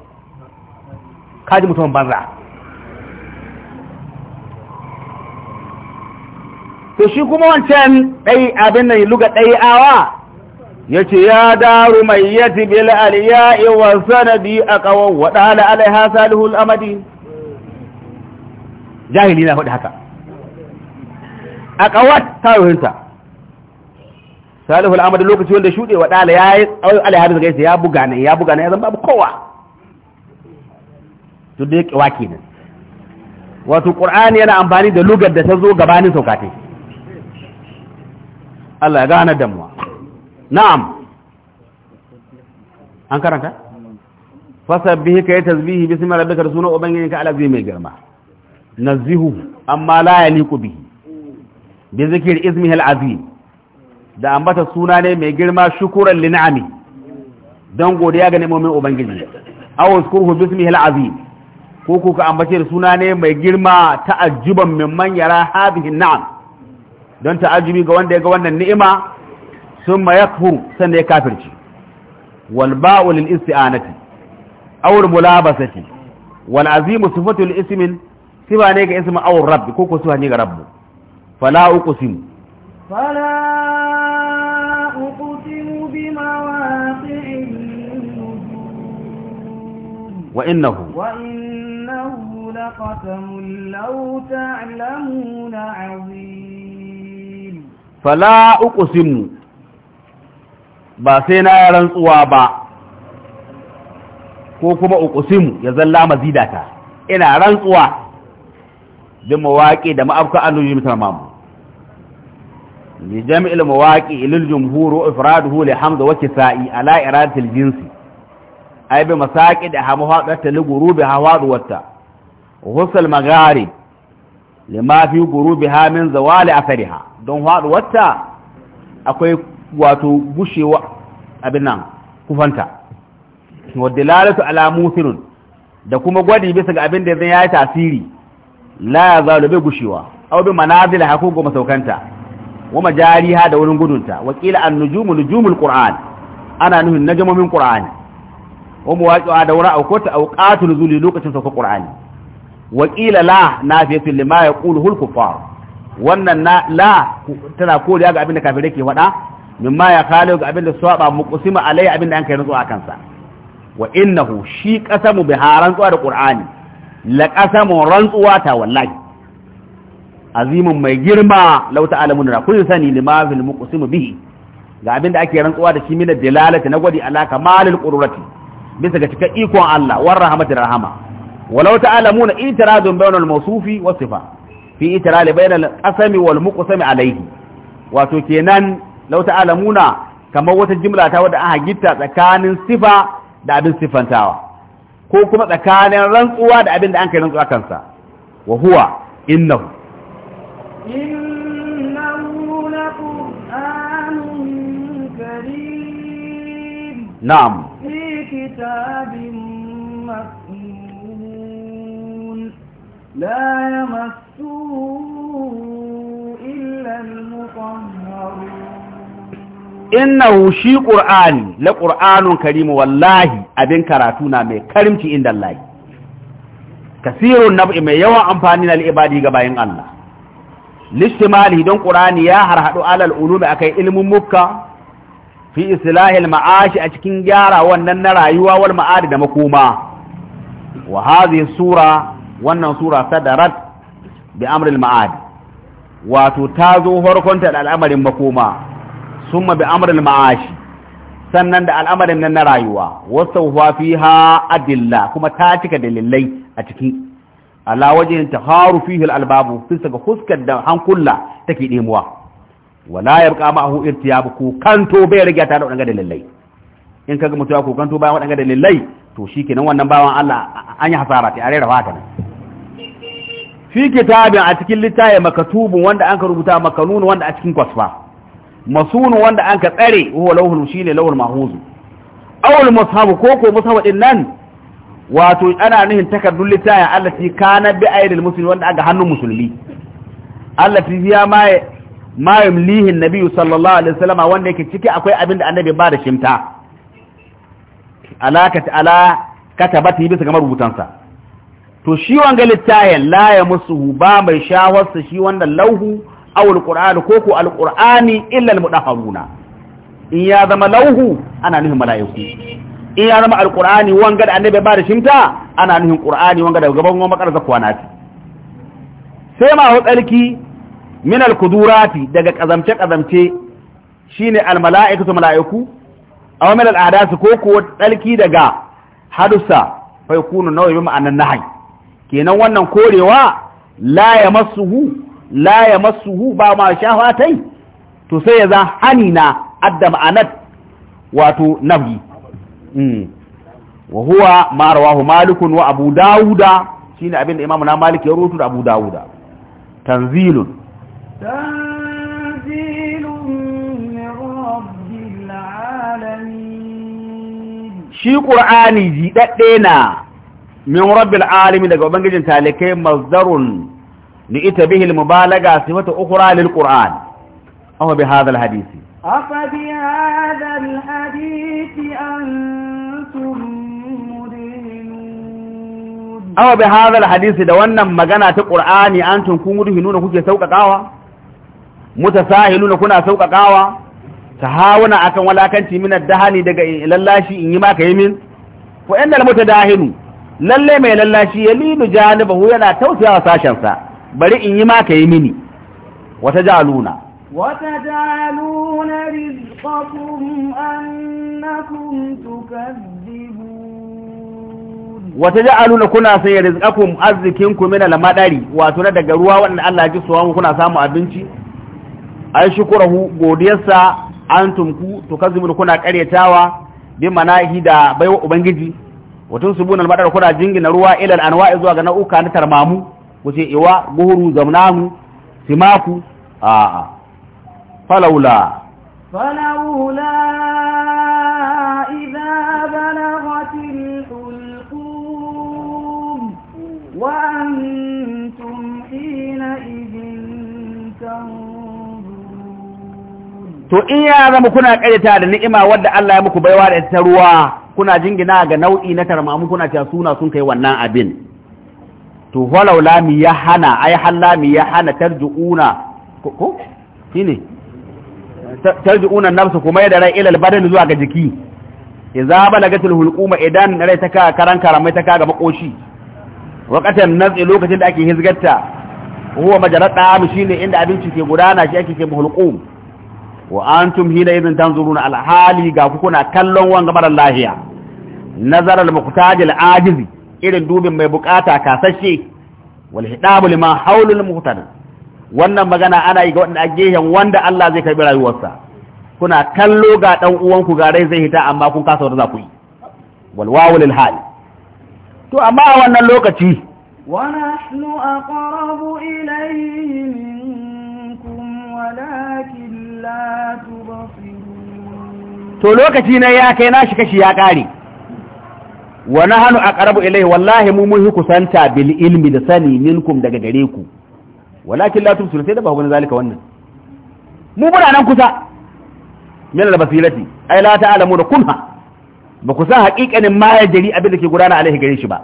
kaji mutumin banza to shi kuma wancan ɗai abin nan luga ɗai awa ya ce ya daru mai yati bil aliya wa sanadi a kawon waɗa ala alaiha salihul amadi jahili na faɗi haka a kawat tawihinta salihul amadi lokaci wanda shuɗe waɗa ala ya yi alaiha da gaisa ya buga ne ya buga ne ya zama babu kowa to da ya kewa kenan wato ƙur'ani yana amfani da lugar da ta zo gabanin saukatai Allah ya gane damuwa na'am an karanta fasabbihi kai tasbihi mara bika da sunan ubangijinka alazi mai girma nazihu amma la yaliqu bihi bi zikri izmi alazim da ambata suna ne mai girma shukuran li don godiya ga nemomin ubangiji aw uskuruhu bismihi alazim ko ko ka ambace suna ne mai girma ta'ajiban mimman yara hadhihi na'am. don ta'ajibi ga wanda ya ga wannan ni'ima sun ma yakfur sannan ya kafirci wal ba'u lil isti'anati aw al mulabasati wal azim sifatu lil ism ba ne ga ism aw rabb ko ko sifa ne ga rabb fala uqsim fala uqsim bi mawaqi'in wa innahu wa innahu laqasamun law ta'lamun 'azim fala uqsimu ba sai na rantsuwa ba ko kuma uqsimu ya zalla mazidata ina rantsuwa bin mawaqi da ma'afka annuji mutamam li jami'il mawaqi lil jumhur wa ifraduhu li hamd wa kisa'i ala iradati al jinsi ay bi masaqi da hamuha da talugurubi hawadu watta ghusl magharib lima fi ha min zawali ha. don haɗuwarta akwai wato gushewa abin nan kufanta wadda lalata alamu musirin da kuma gwadi bisa ga abin da zai ya yi tasiri la ya zalu bai gushewa au bi manazila hakun goma saukanta wa majariha da wurin gudunta wa qila an nujumu nujumul qur'an ana nuhin najamomin qur'ani wa muwaqi'a da wura aukota auqatul zuli lokacin saukar qur'ani wakila la nafiyatu lima yaquluhu al-kuffar wannan la tana koriya ga abinda kafirai ke faɗa mimma ya khalo ga abinda saba muqsima alai abinda an kai rantsuwa kansa wa innahu shi qasamu bi rantsuwa da qur'ani la qasamu rantsuwa ta wallahi azimun mai girma law ta'lamun ra kun sani lima fil muqsim bihi ga abinda ake rantsuwa da shi min dalalati na gwadi ala kamalil qurrati bisa ga cikakken ikon Allah war rahmatir rahama ولو تعلمون إتراز بين الموصوف والصفة في إتراز بين القسم والمقسم عليه وتكينان لو تعلمون كما وتا جملة تودع أها جتا تكان صفة دا بن صفة تاوى كوكما تكان رنقوا دا بن أنك رنقوا كنسا وهو إنه إنه لقرآن كريم نعم في كتاب Inna يمسه إلا المطهرون innahu shi wallahi abin karatu na mai karimci inda Allah kasirun nab'i mai yawan amfani na ibadi ga bayan Allah listimali don qur'ani ya harhadu alal ulumi akai ilmin mukka fi islahil ma'ashi a cikin gyara wannan na rayuwa wal ma'adi da makoma wa sura wannan sura sadarat bi amril ma'ad wato ta zo farkonta da al'amarin makoma summa bi amril ma'ashi sannan da al'amarin nan na rayuwa wasu fiha adilla kuma ta cika dalilai a ciki ala wajen haru fihi albabu sun saka huskar da hankula take demuwa wala yabqa ma'ahu irtiyab ku kanto bai rage ta da wadanga dalilai in kaga mutuwa ku kanto bayan wadanga dalilai to shikenan wannan bawan Allah an yi hasara ta are rafa ta fi kitabin a cikin littafi makatubun wanda an ka rubuta makanun wanda a cikin kwasfa masunu wanda an ka tsare huwa lawhul shine lawhul mahfuz awul mushabu ko ko mushabu din nan wato ana nihin takardun littafi allati kana bi aidil muslimi wanda aga hannun musulmi allati fiya ma ma yumlihin nabi sallallahu alaihi wasallam wanda yake ciki akwai abin da annabi ba da shimta alaka ala katabati bisa ga marubutansa to shi wanga littayen la ya musu ba mai shawarsa shi wanda lauhu awul qur'ani ko ko alqur'ani illa almudahharuna in ya zama lauhu ana nuhin mala'iku in ya zama alqur'ani wanga da annabi ba da shimta ana nuhin qur'ani wanga da gaban goma karza kwana sai ma hu tsarki min alqudurati daga kazamce kazamce shine almala'ikatu mala'iku aw min al'adasi ko ko tsarki daga hadusa fa yakunu nawi bi ma'anan nahyi kenan wannan korewa la ya masuhu la ya masuhu ba ma shafatai to sai ya za hani na adda ma'anat wato nabi mm. wa huwa ma rawahu malikun wa abu dawuda shine abin da imamu na malik ya rubuta abu dawuda tanzilun Tanzilun shi qur'ani ji dadde na min rabbil alamin daga ubangijin talikai masdarun li ita bihi al mubalaga sifatu ukhra lil qur'an aw bi hadha al hadith afa bi hadha al hadith antum mudhinun aw bi hadha al hadith da wannan magana ta qur'ani antum kun mudhinun kuke saukakawa mutasahiluna kuna saukakawa tahawuna akan walakanci min ad-dahani daga lallashi in yi maka yi min wa innal mutadahinu lalle mai lallashi ya lilu janibahu yana tausayawa sashensa bari in yi ma ka yi mini wata jaluna wata jaluna rizqakum annakum tukazzibun wata jaluna kuna sai rizqakum arzikinku min al-madari wato na daga ruwa wanda Allah ya ji suwa kuna samu abinci ai shukurahu godiyarsa antum ku tukazzibun kuna karyatawa bi manahi da baiwa ubangiji watun su al-madar kuna jingina ruwa ilal anwa'i zuwa ga nau'uka na tarmamu ce iwa guhuru zamnamu simaku a'a falaula falaula idza balaghatil hulqum wa antum hina idin to in ya zama kuna karyata da ni'ima wadda Allah ya muku baiwa da ta ruwa kuna jingina ga nau'i na tarmamu kuna cewa suna sun kai wannan abin to walau lami ya hana ai hallami ya hana tarjuuna ko shine tarjuuna nafsu kuma ya da rai ila albadan zuwa ga jiki idza balagatul hulquma idan rai ta ka karan karamai ta ka ga makoshi waqatan nazi lokacin da ake hizgarta huwa majarat da'am shine inda abinci ke gudana shi ake ke hulqum wa antum hina idan tanzuruna alhali ga ku kuna kallon wanga marar lahiya nazar al-muqtaj al-ajizi irin dubin mai bukata kasashe wal hidabu liman haulul muqtada wannan magana ana yi ga wanda a gehen wanda Allah zai karbi rayuwarsa kuna kallo ga dan uwanku ga rai zai hita amma kun kasa wanda za ku yi wal wawul al-hal to amma a wannan lokaci wa nahnu aqrabu ilayhi minkum walakin To lokaci na ya kai لوكتي shi ya كاي ناشي كشي يا قاري ونحن wallahi mu والله مو bil ilmi da sani, minkum daga gare ku walakin la tusul sai da ba wani zalika wannan mu muna nan kusa min albasirati ai la ta'lamu da kunha ba ku san haƙiƙanin ma ya jari abin da ke gudana alaihi gare shi ba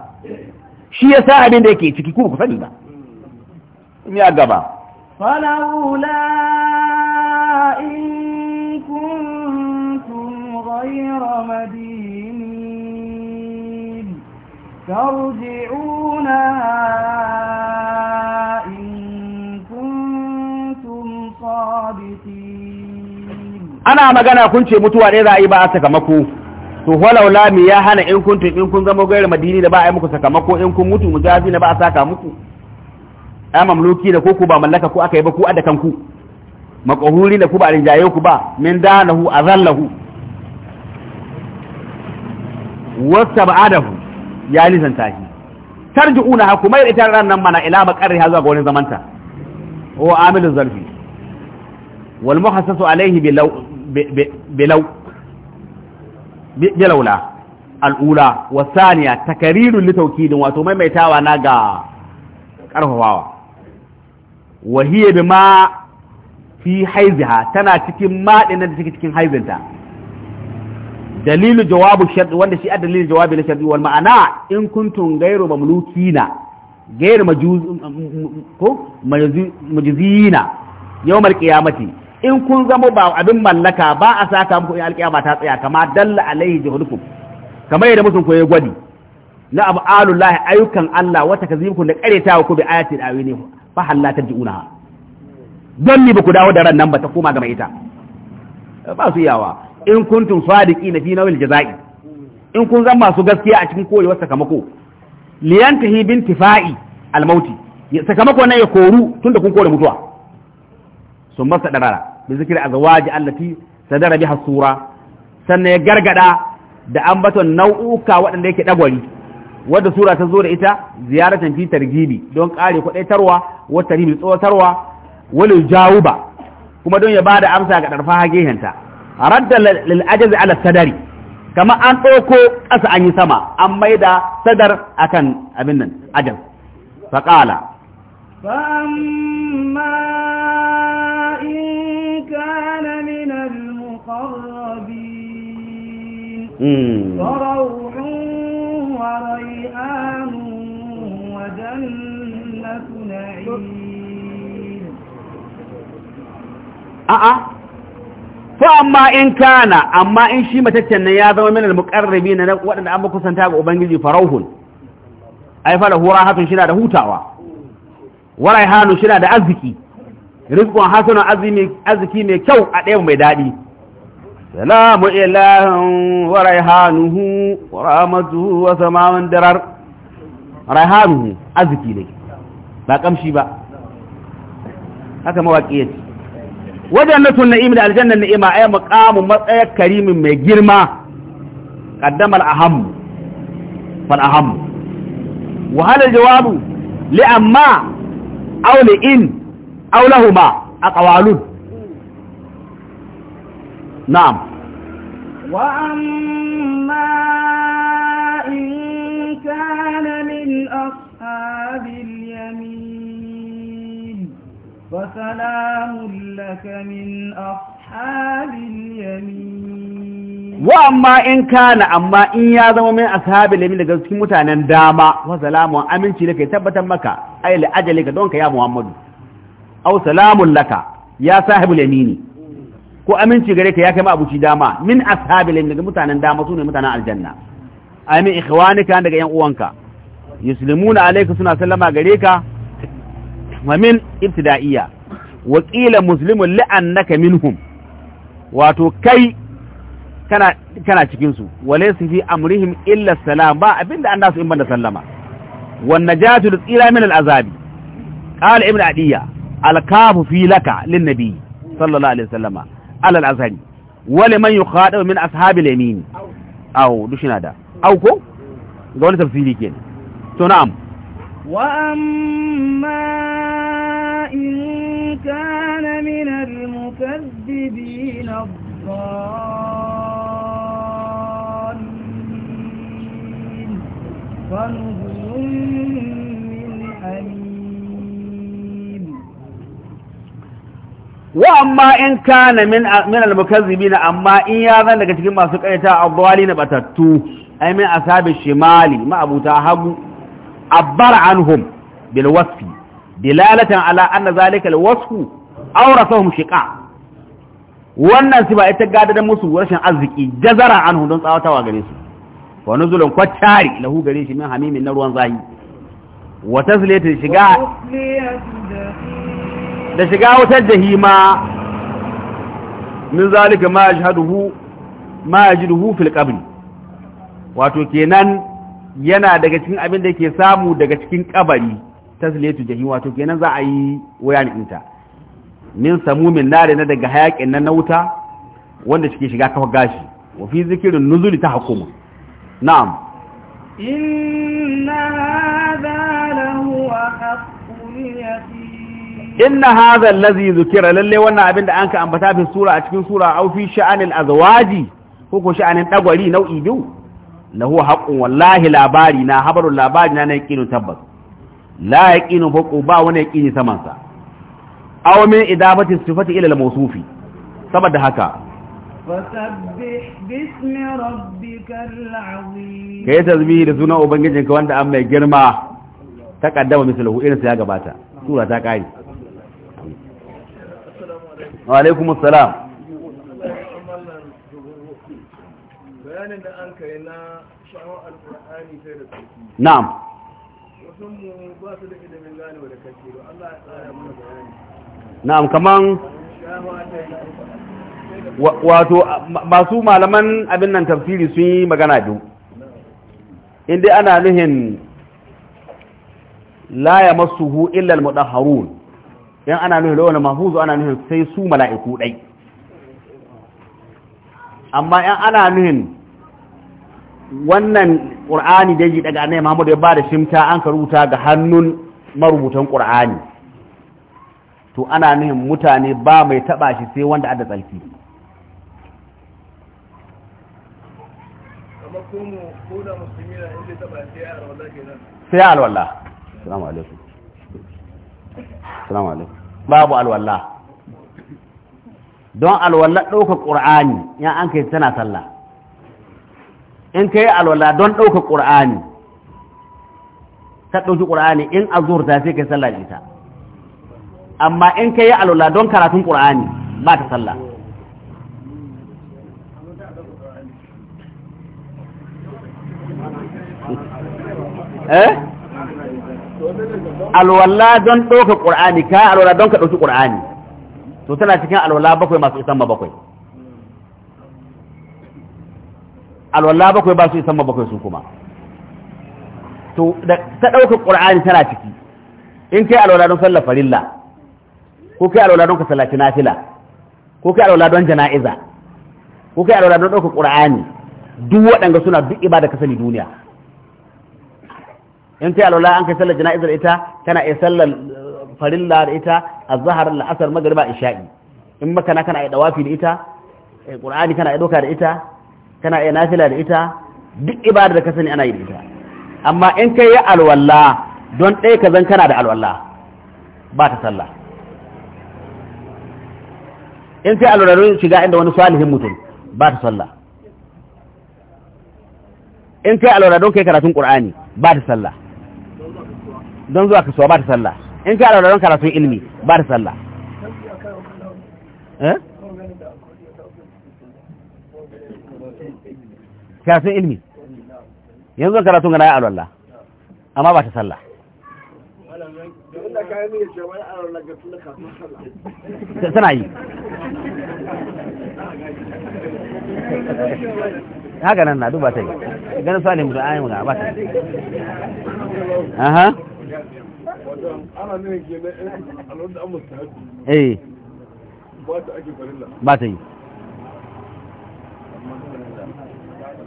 shi ya sa abin da yake ciki ku ku sani ba in ya gaba فلولا وإن كنتم غير مدينين magana kun ce mutuwa أنا za a yi ba a sakamako. to walaula mi ya hana in kun in kun zama gairar madini da ba a yi muku sakamako in kun mutu mujazi na ba a saka muku Ya mamluki da ko ku ba mallaka ko aka yi ba ku adda kanku makahuri da ku ba rinjaye ku ba min danahu azallahu wasta ba'adahu ya lisanta shi una haku mai ita ran nan mana ila maqarri ha zuwa ga wani zamanta o amilu zarfi wal muhassasu alaihi bilaw bilaw al'ula wa Saniya takariru litauki din wato maimaitawa na ga karfafawa wahiyar bi ma. fi haiziha tana cikin maɗin da take cikin haizinta dalilu jawabu shar'i wanda shi a dalilu jawabi na shar'i wal ma'ana in kuntum ghairu mamlukina ghairu majuz ko majuzina yawmal qiyamati in kun zama ba abin mallaka ba a saka muku ya alƙiyama ta tsaya kama dalla alaihi jahudukum kamar yadda mutum koyi gwadi na abu alullahi ayyukan Allah wata kazibukun da ƙaretawa ku bi ayatin awini fa hallata ji'unaha don ni ba ku dawo da ran nan ba ta koma ga ita ba su yawa in kuntum sadiqi na fi nawil jaza'i in kun zan masu gaskiya a cikin koyewar sakamako liyantahi bin tifa'i almauti sakamako na ya koru tunda kun kore mutuwa sun masa darara bi zikri azwaji allati sadara biha sura sannan ya gargada da ambaton nau'uka waɗanda yake dagwari wadda sura ta zo da ita ziyaratan fi targibi don kare kwadaitarwa wa tarhibi tsawatarwa wani jawo ba kuma don ya ba da amsa ga ɗarfa hagehenta a radda lil'ajazi ala sadari kama an ɗauko ƙasa an yi sama an da sadar akan abin nan ajal faƙala فأما إن كان من المقربين فروح ورائح a'a fa amma in kana amma in shi mataccen nan ya zama min al-muqarrabi na waɗanda an kusanta ga ubangiji farauhun ai fa lahu rahatun shi da hutawa warai hanu shi da arziki rizqun hasanun azimi arziki mai kyau a ɗaya mai daɗi salamu ilahun warai raihanuhu wa rahmatuhu wa samawan darar raihanuhu arziki ne ba kamshi ba haka mawaƙi yace wajannatun na'im da aljannan ni'ima ay maqamu matsayar karimin mai girma qaddama al-aham fal aham wa hal jawabu li amma aw li in aw lahuma aqwalun na'am wa amma in kana min فسلام لك من أصحاب اليمين وأما إن كان أما إن يازم من أصحاب اليمين لك سكي متانا داما وسلام أمن لك يتبت مكة أي لأجلك دونك يا محمد أو سلام لك يا صاحب اليمين ko aminci gare ka ya kai abuci dama min ashabil daga mutanen dama sune mutanen aljanna ay min ikhwanika daga yan uwanka yuslimuna alayka suna sallama gare ka mamin ibtida'iyya wa qila muslimun la'annaka minhum wato kai kana kana cikin su walaysa fi amrihim illa salam ba abinda Na in banda sallama wan najatu tsira min al'azabi qala ibn adiyya al-kafu fi laka lin nabi sallallahu alaihi wasallama ala al-azhari wa liman yukhadu min ashabi al a aw dushina da na'am وأما إن كان من المكذبين الضالين فنزل من حميم وأما إن كان من من المكذبين أما إن يظن لك تكون سكيتا الضالين بتتو أي من أصحاب الشمال ما أبو تاهبو abbara anhum bil wasfi dilalatan ala anna zalika al wasfu awrasahum shiqa wannan sifa ita gada da musu rashin arziki jazara anhum don tsawatawa gare su wa nuzulun kwattari lahu gare shi min hamimin na ruwan zahi wa tazliyatu shiga da shiga wutar jahima min zalika ma yajhaduhu ma yajduhu fil qabri wato kenan yana daga cikin abin da ke samu daga cikin kabari tasliyatu jahi wato kenan za a yi waya inta min min nare na daga hayakin na nauta wanda suke shiga kafa gashi wa fi zikirin nuzuli ta hukuma na'am inna hadha lahu haqqul yaqin inna hadha allazi zukira lalle wannan abin da anka ambata fi sura a cikin sura au fi sha'anil azwaji ko ko sha'anin dagwari nau'i biyu lahu haqqun wallahi labari na habarul labari na na yaqinu tabbas la yaqinu faqu ba wani yaqini samansa sa aw min idabati sifati ila mausufi mawsufi saboda haka fasabbih bismi rabbikal azim kai tasbihi da sunan ubangijinka wanda an mai girma taqaddama mislahu irin sa ya gabata sura ta kai wa alaikumus salam bayanin da an kai na sha'awar alƙur'ani sai da na'am mu ba su da ilimin gane da kake ba Allah ya tsara mana bayani na'am kaman wato masu malaman abin nan tafsiri sun yi magana biyu inda ana nuhin la ya masuhu illa al yan ana nuhin lawan ana nuhin sai su mala'iku dai amma yan ana nuhin wannan ƙur'ani da yi daga nai Muhammadu ya ba da shimta an ka rubuta ga hannun marubutan ƙur'ani to ana nuhin mutane ba mai taɓa shi sai wanda ada tsarki sai alwallah salamu alaikum salamu alaikum babu alwallah don alwallah ɗaukar ƙur'ani ya an kai tana sallah in ka yi alwala don ɗauka ƙur'ani ka ɗauki ƙur'ani in azur ta sai ka sallah ita amma in ka yi alwala don karatun ƙur'ani ba ta sallah eh alwala don ɗauka ƙur'ani ka alwala don ka ɗauki ƙur'ani to tana cikin alwala bakwai masu isan ma bakwai alwala bakwai ba su yi sama bakwai su kuma to da ta ɗaukar ƙur'ani tana ciki in kai alwala don sallar farilla ko kai alwala don ka sallaci nafila ko kai alwala don jana'iza ko kai alwala don ɗaukar ƙur'ani duk waɗanda suna duk ibada ka sani duniya in kai alwala an kai sallar jana'izar ita kana iya sallar uh, farilla da ita azhar la'asar magriba isha'i in makana kana iya dawafi da ita ƙur'ani eh, kana iya ɗauka da ita kana iya nafila da ita duk ibada da ka sani ana yi da ita amma in kai ya alwala don ɗaya ka zan kana da alwala ba ta sallah in alwala don shiga inda wani salihin mutum ba ta sallah in kai don kai karatun ƙur'ani ba ta sallah don zuwa kasuwa ba ta sallah in kai don karatun ilimi ba ta sallah eh kafin ilmi yanzu karatun gana ya alwallah amma ba ta sallah tana yi haka nan na duba ta yi ganin salim da ayin ga ba ta yi aha eh. ba ta yi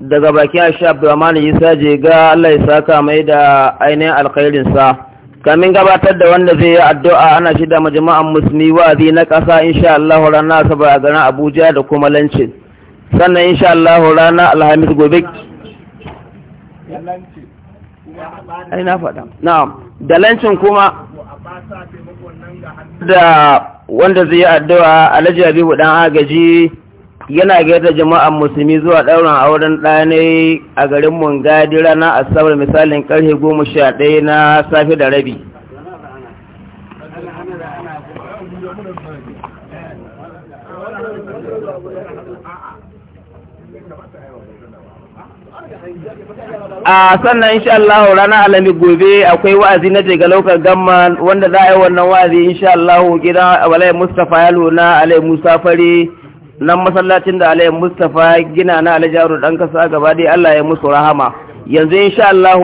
daga bakin ashe abdurrahman isa je ga Allah ya saka mai da ainihin alkhairinsa kamin gabatar da wanda zai yi addu'a ana shi da majama'an musulmi wa'azi na ƙasa insha Allah rana asabar a garin abuja da kuma lancin sannan insha Allah rana alhamis gobe na faɗa da lancin kuma da wanda zai yi addu'a alhaji abihu dan agaji yana gaida jama'an musulmi zuwa ɗaurin auren ɗane a garin mungadi a asabar misalin ƙarfe goma sha ɗaya na safe da rabi a sannan insha Allah ranar alami gobe akwai wa'azi na daga laukar gamma wanda za a yi wannan wa'azi insha Allah gidan walai Mustapha Yalo na Alai Musa Fari nan masallacin da alayin Mustapha gina na alajaru dan kasa gaba dai Allah ya musu rahama yanzu insha Allah